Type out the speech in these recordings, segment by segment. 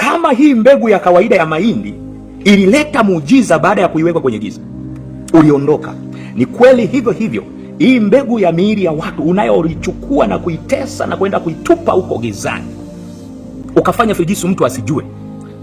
Kama hii mbegu ya kawaida ya mahindi ilileta muujiza baada ya kuiwekwa kwenye giza, uliondoka, ni kweli hivyo hivyo hii mbegu ya miili ya watu unayoichukua na kuitesa na kwenda kuitupa huko gizani, ukafanya fijisu mtu asijue.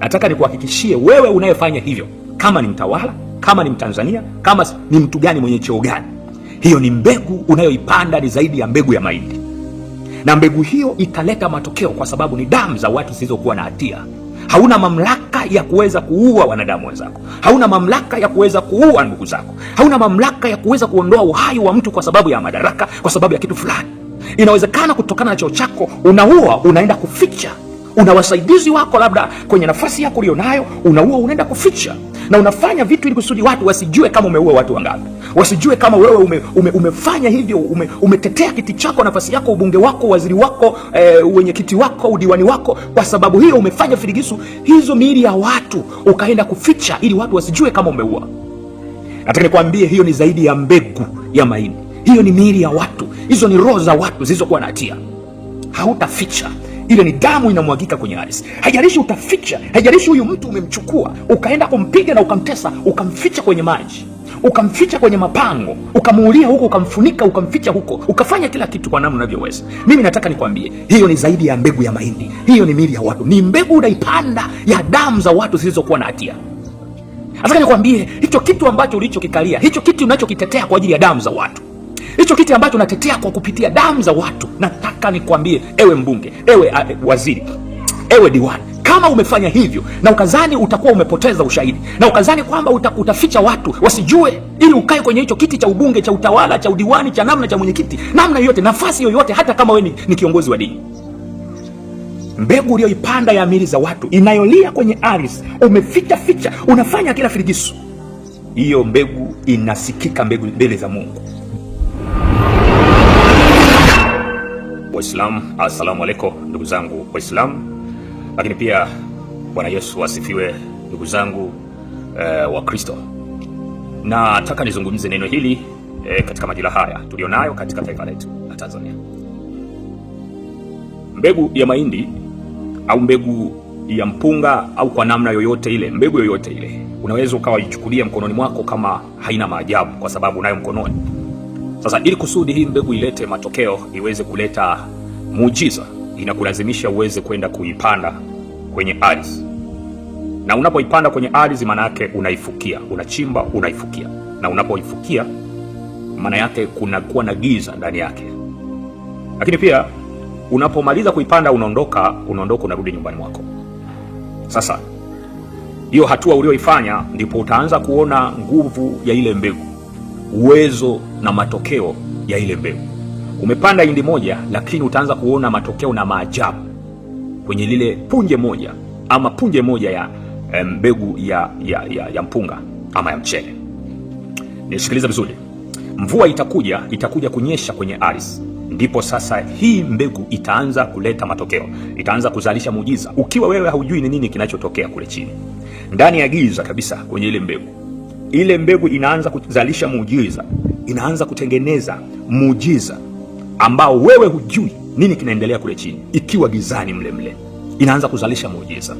Nataka nikuhakikishie wewe unayefanya hivyo, kama ni mtawala, kama ni Mtanzania, kama ni mtu gani mwenye cheo gani, hiyo ni mbegu unayoipanda, ni zaidi ya mbegu ya mahindi, na mbegu hiyo italeta matokeo, kwa sababu ni damu za watu zisizokuwa na hatia. Hauna mamlaka ya kuweza kuua wanadamu wenzako, hauna mamlaka ya kuweza kuua ndugu zako, hauna mamlaka ya kuweza kuondoa uhai wa mtu kwa sababu ya madaraka, kwa sababu ya kitu fulani. Inawezekana kutokana na cheo chako unaua, unaenda kuficha, una wasaidizi wako labda kwenye nafasi yako ulionayo, unaua, unaenda kuficha na unafanya vitu ili kusudi watu wasijue kama umeua watu wangapi, wasijue kama wewe ume, ume, umefanya hivyo ume, umetetea kiti chako, nafasi yako, ubunge wako, waziri wako, e, wenyekiti wako, udiwani wako. Kwa sababu hiyo umefanya firigisu hizo miili ya watu ukaenda kuficha ili watu wasijue kama umeua. Nataka nikwambie hiyo ni zaidi ya mbegu ya maini, hiyo ni miili ya watu, hizo ni roho za watu zilizokuwa na hatia, hautaficha ile ni damu inamwagika kwenye ardhi. Haijalishi utaficha, haijalishi huyu mtu umemchukua ukaenda kumpiga na ukamtesa, ukamficha kwenye maji, ukamficha kwenye mapango, ukamuulia huko, ukamfunika, ukamficha huko, ukafanya kila kitu kwa namna unavyoweza. Mimi nataka nikwambie, hiyo ni zaidi ya mbegu ya mahindi, hiyo ni mili ya watu, ni mbegu unaipanda ya damu za watu zilizokuwa na hatia. Nataka nikwambie hicho kitu ambacho ulichokikalia, hicho kitu unachokitetea kwa ajili ya damu za watu hicho kiti ambacho natetea kwa kupitia damu za watu. Nataka nikwambie ewe mbunge, ewe waziri, ewe diwani kama umefanya hivyo na ukazani utakuwa umepoteza ushahidi na ukazani kwamba uta, utaficha watu wasijue, ili ukae kwenye hicho kiti cha ubunge cha utawala cha udiwani cha namna cha mwenyekiti namna yoyote nafasi yoyote, hata kama wewe ni, ni kiongozi wa dini. Mbegu uliyoipanda ya amiri za watu inayolia kwenye aris umeficha ficha, unafanya kila firigisu. Hiyo mbegu inasikika mbegu mbele za Mungu. Waislamu, assalamu alaikum ndugu zangu Waislamu, lakini pia Bwana Yesu asifiwe ndugu zangu eh, wa Kristo. Nataka nizungumze neno hili eh, katika majira haya tulionayo katika taifa letu la Tanzania. Mbegu ya mahindi au mbegu ya mpunga au kwa namna yoyote ile, mbegu yoyote ile, unaweza ukawa ichukulia mkononi mwako kama haina maajabu, kwa sababu unayo mkononi sasa ili kusudi hii mbegu ilete matokeo, iweze kuleta muujiza, inakulazimisha uweze kwenda kuipanda kwenye ardhi, na unapoipanda kwenye ardhi, maana yake unaifukia, unachimba, unaifukia, na unapoifukia, maana yake kunakuwa na giza ndani yake. Lakini pia unapomaliza kuipanda, unaondoka, unaondoka, unarudi nyumbani mwako. Sasa hiyo hatua ulioifanya, ndipo utaanza kuona nguvu ya ile mbegu uwezo na matokeo ya ile mbegu. Umepanda hindi moja, lakini utaanza kuona matokeo na maajabu kwenye lile punje moja ama punje moja ya mbegu ya, ya, ya, ya mpunga ama ya mchele. Nisikiliza vizuri, mvua itakuja, itakuja kunyesha kwenye ardhi, ndipo sasa hii mbegu itaanza kuleta matokeo, itaanza kuzalisha muujiza, ukiwa wewe haujui ni nini kinachotokea kule chini, ndani ya giza kabisa kwenye ile mbegu ile mbegu inaanza kuzalisha muujiza, inaanza kutengeneza muujiza ambao wewe hujui nini kinaendelea kule chini, ikiwa gizani mle mle, inaanza kuzalisha muujiza.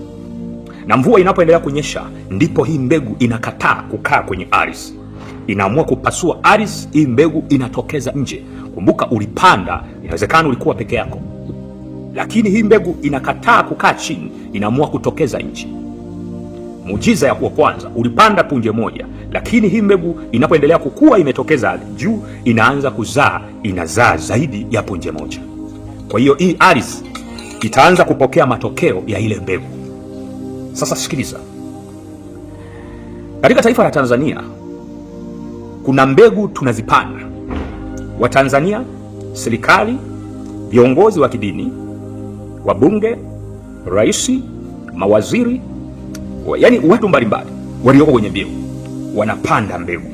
Na mvua inapoendelea kunyesha, ndipo hii mbegu inakataa kukaa kwenye ardhi, inaamua kupasua ardhi, hii mbegu inatokeza nje. Kumbuka ulipanda, inawezekana ulikuwa peke yako, lakini hii mbegu inakataa kukaa chini, inaamua kutokeza nje. Muujiza ya kuwa kwanza ulipanda punje moja, lakini hii mbegu inapoendelea kukua, imetokeza juu, inaanza kuzaa, inazaa zaidi ya punje moja. Kwa hiyo hii ardhi itaanza kupokea matokeo ya ile mbegu. Sasa sikiliza, katika taifa la Tanzania kuna mbegu tunazipanda, Watanzania, serikali, viongozi wa kidini, wabunge, raisi mawaziri yani watu mbalimbali walioko kwenye mbegu wanapanda mbegu.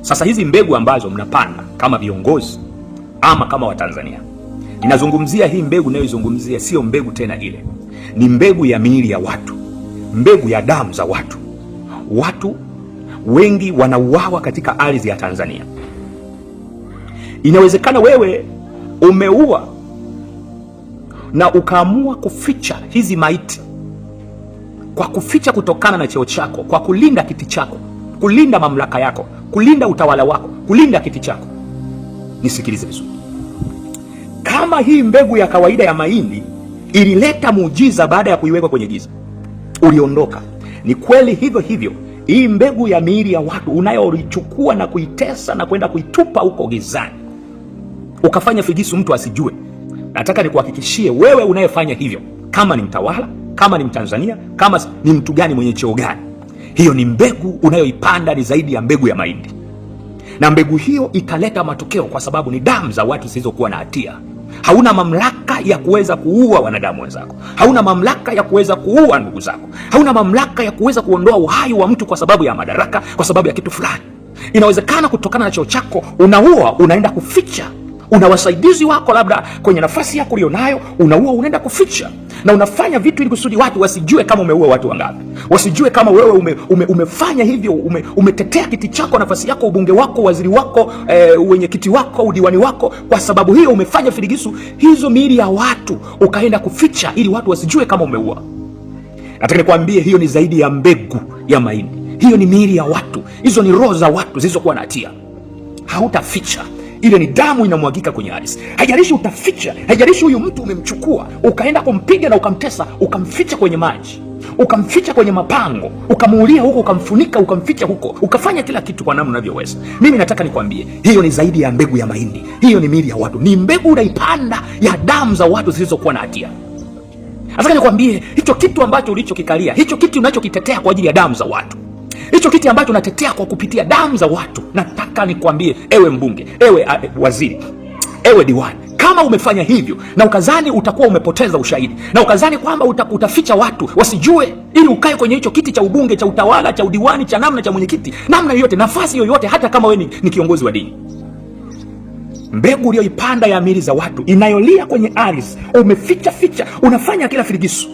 Sasa hizi mbegu ambazo mnapanda kama viongozi ama kama Watanzania, ninazungumzia hii mbegu inayoizungumzia, sio mbegu tena ile, ni mbegu ya miili ya watu, mbegu ya damu za watu. Watu wengi wanauawa katika ardhi ya Tanzania. Inawezekana wewe umeua na ukaamua kuficha hizi maiti kwa kuficha kutokana na cheo chako, kwa kulinda kiti chako, kulinda mamlaka yako, kulinda utawala wako, kulinda kiti chako. Nisikilize vizuri, kama hii mbegu ya kawaida ya mahindi ilileta muujiza baada ya kuiwekwa kwenye giza, uliondoka. Ni kweli hivyo hivyo, hii mbegu ya miili ya watu unayoichukua na kuitesa na kwenda kuitupa huko gizani, ukafanya figisu mtu asijue. Nataka nikuhakikishie wewe unayefanya hivyo, kama ni mtawala kama ni Mtanzania, kama ni mtu gani mwenye cheo gani. Hiyo ni mbegu unayoipanda, ni zaidi ya mbegu ya mahindi, na mbegu hiyo italeta matokeo, kwa sababu ni damu za watu zisizokuwa na hatia. Hauna mamlaka ya kuweza kuua wanadamu wenzako, hauna mamlaka ya kuweza kuua ndugu zako, hauna mamlaka ya kuweza kuondoa uhai wa mtu kwa sababu ya madaraka, kwa sababu ya kitu fulani. Inawezekana kutokana na cheo chako unaua, unaenda kuficha una wasaidizi wako labda kwenye nafasi yako ulionayo, unaua unaenda kuficha na unafanya vitu ili kusudi watu wasijue kama umeua watu wangapi, wasijue kama wewe ume, ume, umefanya hivyo, ume, umetetea kiti chako, nafasi yako, ubunge wako, waziri wako, e, wenyekiti wako, udiwani wako. Kwa sababu hiyo umefanya firigisu hizo miili ya watu ukaenda kuficha ili watu wasijue kama umeua. Nataka nikwambie hiyo ni zaidi ya mbegu ya maini hiyo ni miili ya watu, hizo ni roho za watu zilizokuwa na hatia. Hautaficha ile ni damu inamwagika kwenye ardhi. Haijalishi utaficha, haijalishi huyu mtu umemchukua ukaenda kumpiga na ukamtesa, ukamficha kwenye maji, ukamficha kwenye mapango, ukamuulia huko, ukamfunika, ukamficha huko, ukafanya kila kitu kwa namna unavyoweza. Mimi nataka nikwambie, hiyo ni zaidi ya mbegu ya mahindi, hiyo ni miili ya watu, ni mbegu unaipanda ya damu za watu zilizokuwa na hatia. Nataka nikwambie hicho kitu ambacho ulichokikalia, hicho kitu unachokitetea kwa ajili ya damu za watu hicho kiti ambacho natetea kwa kupitia damu za watu. Nataka nikwambie ewe mbunge, ewe e, waziri, ewe diwani kama umefanya hivyo na ukazani utakuwa umepoteza ushahidi na ukazani kwamba uta, utaficha watu wasijue, ili ukae kwenye hicho kiti cha ubunge cha utawala cha udiwani cha namna cha mwenyekiti namna yoyote nafasi yoyote, hata kama we ni, ni kiongozi wa dini. Mbegu uliyoipanda ya amiri za watu inayolia kwenye aris umeficha ficha, unafanya kila firigisu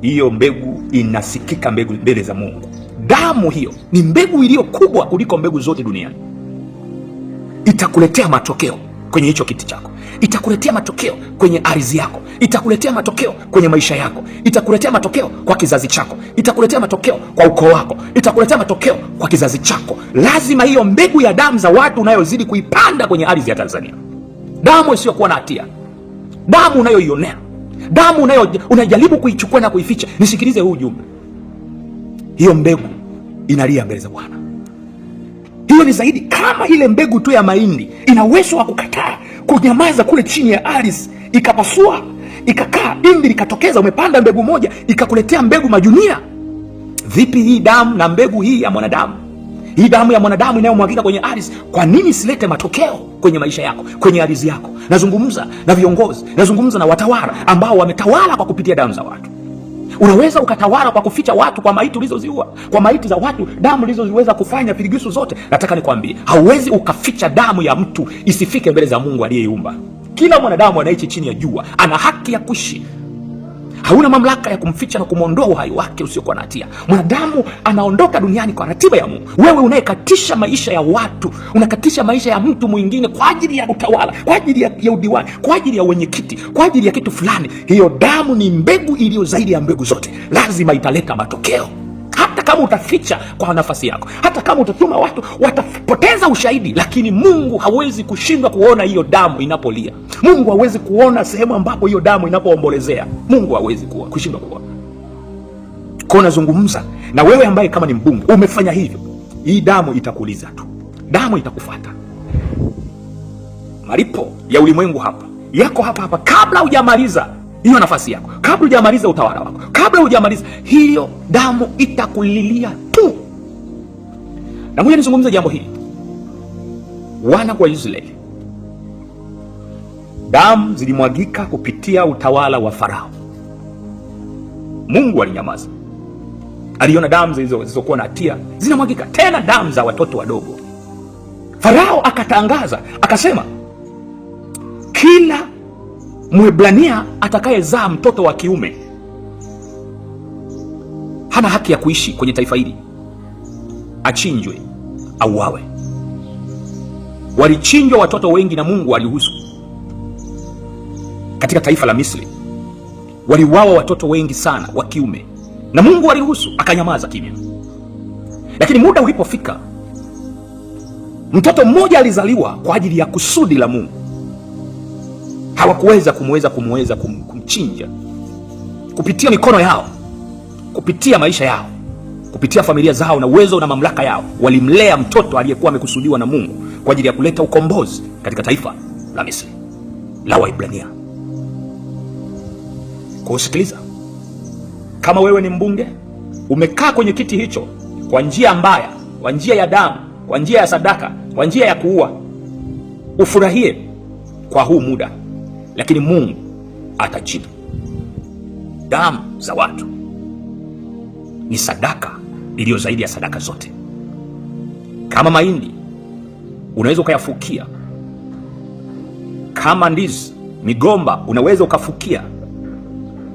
Hiyo mbegu inasikika mbegu mbele za Mungu. Damu hiyo ni mbegu iliyo kubwa kuliko mbegu zote duniani. Itakuletea matokeo kwenye hicho kiti chako, itakuletea matokeo kwenye ardhi yako, itakuletea matokeo kwenye maisha yako, itakuletea matokeo kwa kizazi chako, itakuletea matokeo kwa ukoo wako, itakuletea matokeo kwa kizazi chako. Lazima hiyo mbegu ya damu za watu unayozidi kuipanda kwenye ardhi ya Tanzania, damu isiyokuwa na hatia, damu unayoionea, damu unayojaribu kuichukua na kuificha. Nisikilize huu ujumbe hiyo mbegu inalia mbele za Bwana. Hiyo ni zaidi kama ile mbegu tu ya mahindi, ina uwezo wa kukataa kunyamaza kule chini ya ardhi, ikapasua ikakaa, indi likatokeza. Umepanda mbegu moja ikakuletea mbegu majunia. Vipi hii damu na mbegu hii ya mwanadamu, hii damu ya mwanadamu inayomwagika kwenye ardhi, kwa nini silete matokeo kwenye maisha yako, kwenye ardhi yako? Nazungumza na viongozi, nazungumza na watawala ambao wametawala kwa kupitia damu za watu. Unaweza ukatawala kwa kuficha watu kwa maiti ulizoziua, kwa maiti za watu, damu ulizoziweza kufanya piligisu zote. Nataka nikwambie, hauwezi ukaficha damu ya mtu isifike mbele za Mungu aliyeiumba. Kila mwanadamu anaishi chini ya jua, ana haki ya kuishi hauna mamlaka ya kumficha na kumwondoa uhai wake usiokuwa na hatia. Mwanadamu anaondoka duniani kwa ratiba ya Mungu. Wewe unayekatisha maisha ya watu, unakatisha maisha ya mtu mwingine kwa ajili ya utawala, kwa ajili ya udiwani, kwa ajili ya wenyekiti, kwa ajili ya kitu fulani, hiyo damu ni mbegu iliyo zaidi ya mbegu zote, lazima italeta matokeo kama utaficha kwa nafasi yako, hata kama utatuma watu watapoteza ushahidi, lakini Mungu hawezi kushindwa kuona hiyo damu inapolia. Mungu hawezi kuona sehemu ambapo hiyo damu inapoombolezea. Mungu hawezi kushindwa kuona. Kwa unazungumza na wewe ambaye kama ni mbunge umefanya hivyo, hii damu itakuuliza tu, damu itakufata. Malipo ya ulimwengu hapa yako hapa hapa, kabla hujamaliza hiyo nafasi yako, kabla hujamaliza utawala wako, kabla hujamaliza, hiyo damu itakulilia tu. Na ngoja nizungumze jambo hili, wana wa Israeli, damu zilimwagika kupitia utawala wa Farao. Mungu alinyamaza, aliona damu zilizokuwa na hatia zinamwagika, tena damu za watoto wadogo. Farao akatangaza akasema, kila Mwebrania atakayezaa mtoto wa kiume hana haki ya kuishi kwenye taifa hili, achinjwe, auawe. Walichinjwa watoto wengi na Mungu aliruhusu. Katika taifa la Misri waliuawa watoto wengi sana wa kiume na Mungu aliruhusu, akanyamaza kimya. Lakini muda ulipofika, mtoto mmoja alizaliwa kwa ajili ya kusudi la Mungu hawakuweza kumweza kumweza kum, kumchinja kupitia mikono yao, kupitia maisha yao, kupitia familia zao na uwezo na mamlaka yao, walimlea mtoto aliyekuwa amekusudiwa na Mungu kwa ajili ya kuleta ukombozi katika taifa la Misri la Waibrania. Kwa usikiliza, kama wewe ni mbunge umekaa kwenye kiti hicho kwa njia mbaya, kwa njia ya damu, kwa njia ya sadaka, kwa njia ya kuua, ufurahie kwa huu muda lakini Mungu atajibu. Damu za watu ni sadaka iliyo zaidi ya sadaka zote. Kama mahindi unaweza ukayafukia, kama ndizi, migomba unaweza ukafukia,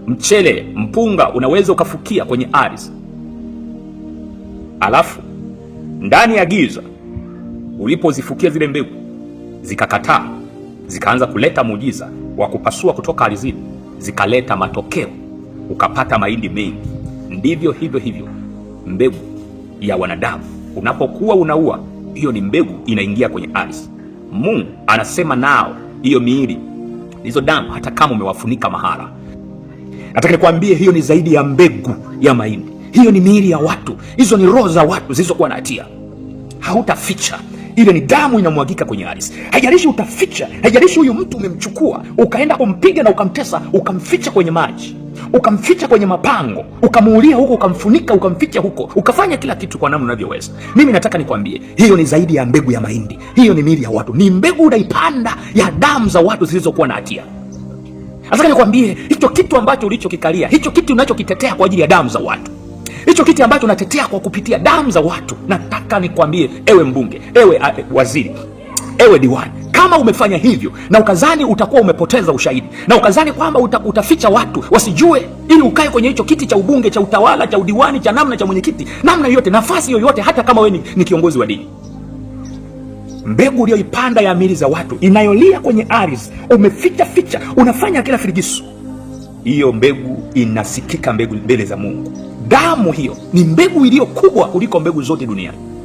mchele, mpunga unaweza ukafukia kwenye ardhi, alafu ndani ya giza ulipozifukia zile mbegu zikakataa, zikaanza kuleta muujiza wa kupasua kutoka ardhini zikaleta matokeo, ukapata mahindi mengi. Ndivyo hivyo hivyo mbegu ya wanadamu, unapokuwa unaua, hiyo ni mbegu inaingia kwenye ardhi. Mungu anasema nao, hiyo miili, hizo damu, hata kama umewafunika mahala, nataka nikwambie, hiyo ni zaidi ya mbegu ya mahindi. Hiyo ni miili ya watu, hizo ni roho za watu zilizokuwa na hatia. Hautaficha ile ni damu inamwagika kwenye ardhi. Haijalishi utaficha, haijalishi huyu mtu umemchukua ukaenda kumpiga na ukamtesa, ukamficha kwenye maji, ukamficha kwenye mapango, ukamuulia huko, ukamfunika, ukamficha huko, ukafanya kila kitu kwa namna unavyoweza. Mimi nataka nikwambie, hiyo ni zaidi ya mbegu ya mahindi, hiyo ni mili ya watu, ni mbegu unaipanda ya damu za watu zilizokuwa na hatia. Nataka nikwambie hicho kitu ambacho ulichokikalia, hicho kitu unachokitetea kwa ajili ya damu za watu hicho kiti ambacho unatetea kwa kupitia damu za watu. Nataka nikwambie ewe mbunge, ewe waziri, ewe diwani, kama umefanya hivyo na ukazani utakuwa umepoteza ushahidi na ukazani kwamba uta, utaficha watu wasijue, ili ukae kwenye hicho kiti cha ubunge cha utawala cha udiwani cha namna cha mwenyekiti namna yoyote nafasi yoyote, hata kama wewe ni, ni kiongozi wa dini mbegu uliyoipanda ya amili za watu inayolia kwenye ardhi, umeficha ficha, unafanya kila firigisu. Hiyo mbegu inasikika mbegu mbele za Mungu. Damu hiyo ni mbegu iliyo kubwa kuliko mbegu zote duniani.